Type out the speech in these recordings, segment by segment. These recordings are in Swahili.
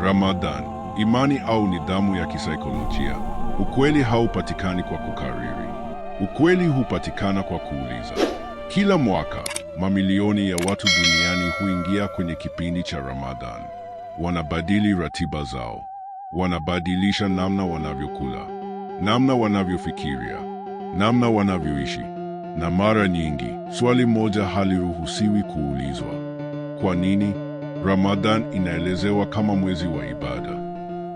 Ramadhan, imani au nidhamu ya kisaikolojia. Ukweli haupatikani kwa kukariri, ukweli hupatikana kwa kuuliza. Kila mwaka mamilioni ya watu duniani huingia kwenye kipindi cha Ramadhan. Wanabadili ratiba zao, wanabadilisha namna wanavyokula, namna wanavyofikiria, namna wanavyoishi, na mara nyingi swali moja haliruhusiwi kuulizwa: kwa nini? Ramadhan inaelezewa kama mwezi wa ibada,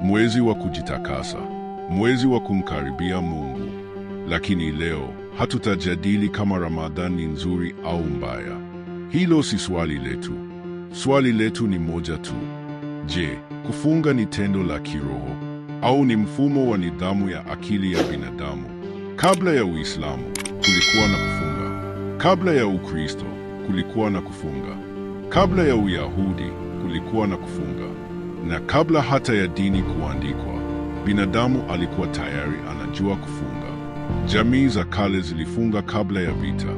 mwezi wa kujitakasa, mwezi wa kumkaribia Mungu. Lakini leo hatutajadili kama Ramadhan ni nzuri au mbaya. Hilo si swali letu. Swali letu ni moja tu. Je, kufunga ni tendo la kiroho au ni mfumo wa nidhamu ya akili ya binadamu? Kabla ya Uislamu kulikuwa na kufunga. Kabla ya Ukristo kulikuwa na kufunga. Kabla ya Uyahudi kulikuwa na kufunga, na kabla hata ya dini kuandikwa, binadamu alikuwa tayari anajua kufunga. Jamii za kale zilifunga kabla ya vita,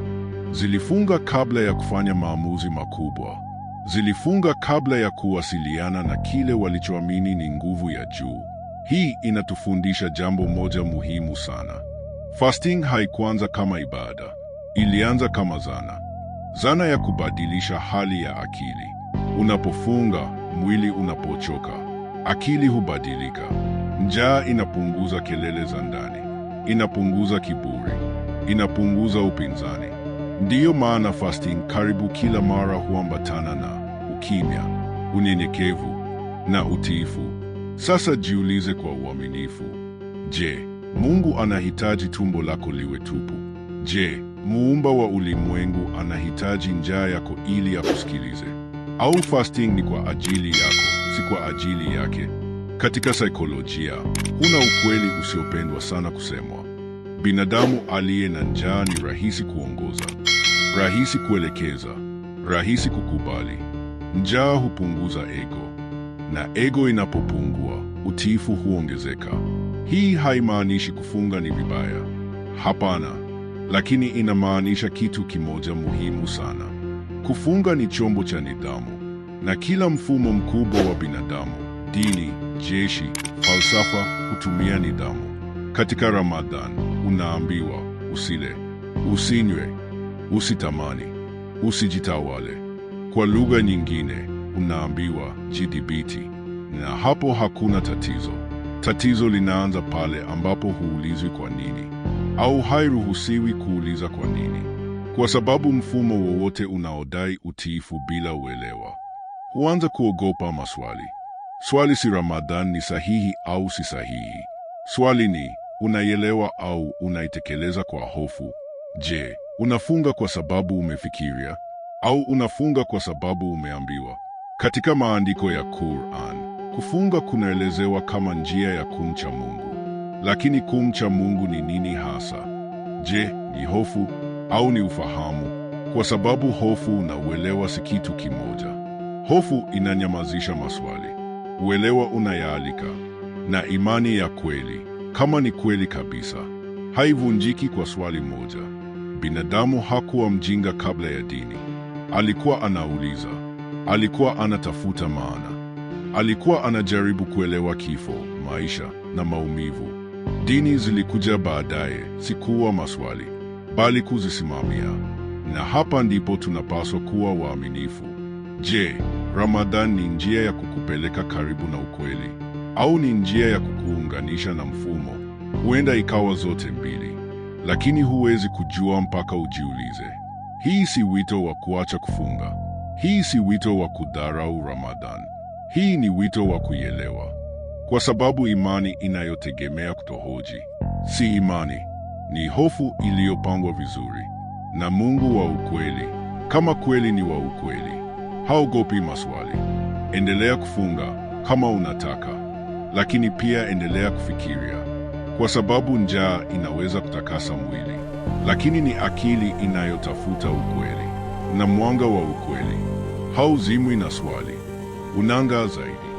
zilifunga kabla ya kufanya maamuzi makubwa, zilifunga kabla ya kuwasiliana na kile walichoamini ni nguvu ya juu. Hii inatufundisha jambo moja muhimu sana. Fasting haikuanza kama ibada, ilianza kama zana. Zana ya kubadilisha hali ya akili. Unapofunga, mwili unapochoka, akili hubadilika. Njaa inapunguza kelele za ndani, inapunguza kiburi, inapunguza upinzani. Ndiyo maana fasting karibu kila mara huambatana na ukimya, unyenyekevu na utiifu. Sasa jiulize kwa uaminifu. Je, Mungu anahitaji tumbo lako liwe tupu? Je, Muumba wa ulimwengu anahitaji njaa yako ili akusikilize. Au fasting ni kwa ajili yako, si kwa ajili yake. Katika saikolojia, huna ukweli usiopendwa sana kusemwa. Binadamu aliye na njaa ni rahisi kuongoza, rahisi kuelekeza, rahisi kukubali. Njaa hupunguza ego, na ego inapopungua, utiifu huongezeka. Hii haimaanishi kufunga ni vibaya. Hapana lakini inamaanisha kitu kimoja muhimu sana. Kufunga ni chombo cha nidhamu, na kila mfumo mkubwa wa binadamu, dini, jeshi, falsafa, hutumia nidhamu. Katika Ramadhan unaambiwa usile, usinywe, usitamani, usijitawale. Kwa lugha nyingine unaambiwa jidhibiti, na hapo hakuna tatizo. Tatizo linaanza pale ambapo huulizwi kwa nini au hairuhusiwi kuuliza kwa nini, kwa sababu mfumo wowote unaodai utiifu bila uelewa huanza kuogopa maswali. Swali si Ramadhan ni sahihi au si sahihi. Swali ni unaielewa au unaitekeleza kwa hofu. Je, unafunga kwa sababu umefikiria au unafunga kwa sababu umeambiwa? Katika maandiko ya Qur'an, kufunga kunaelezewa kama njia ya kumcha Mungu. Lakini kumcha Mungu ni nini hasa? Je, ni hofu au ni ufahamu? Kwa sababu hofu na uelewa si kitu kimoja. Hofu inanyamazisha maswali, uelewa unayaalika, na imani ya kweli, kama ni kweli kabisa, haivunjiki kwa swali moja. Binadamu hakuwa mjinga kabla ya dini. Alikuwa anauliza, alikuwa anatafuta maana, alikuwa anajaribu kuelewa kifo, maisha na maumivu. Dini zilikuja baadaye, si kuwa maswali, bali kuzisimamia. Na hapa ndipo tunapaswa kuwa waaminifu. Je, Ramadhan ni njia ya kukupeleka karibu na ukweli au ni njia ya kukuunganisha na mfumo? Huenda ikawa zote mbili, lakini huwezi kujua mpaka ujiulize. Hii si wito wa kuacha kufunga. Hii si wito wa kudharau Ramadhan. Hii ni wito wa kuielewa kwa sababu imani inayotegemea kutohoji si imani, ni hofu iliyopangwa vizuri na Mungu wa ukweli. Kama kweli ni wa ukweli, haogopi maswali. Endelea kufunga kama unataka, lakini pia endelea kufikiria, kwa sababu njaa inaweza kutakasa mwili, lakini ni akili inayotafuta ukweli, na mwanga wa ukweli hauzimwi na swali, unang'aa zaidi.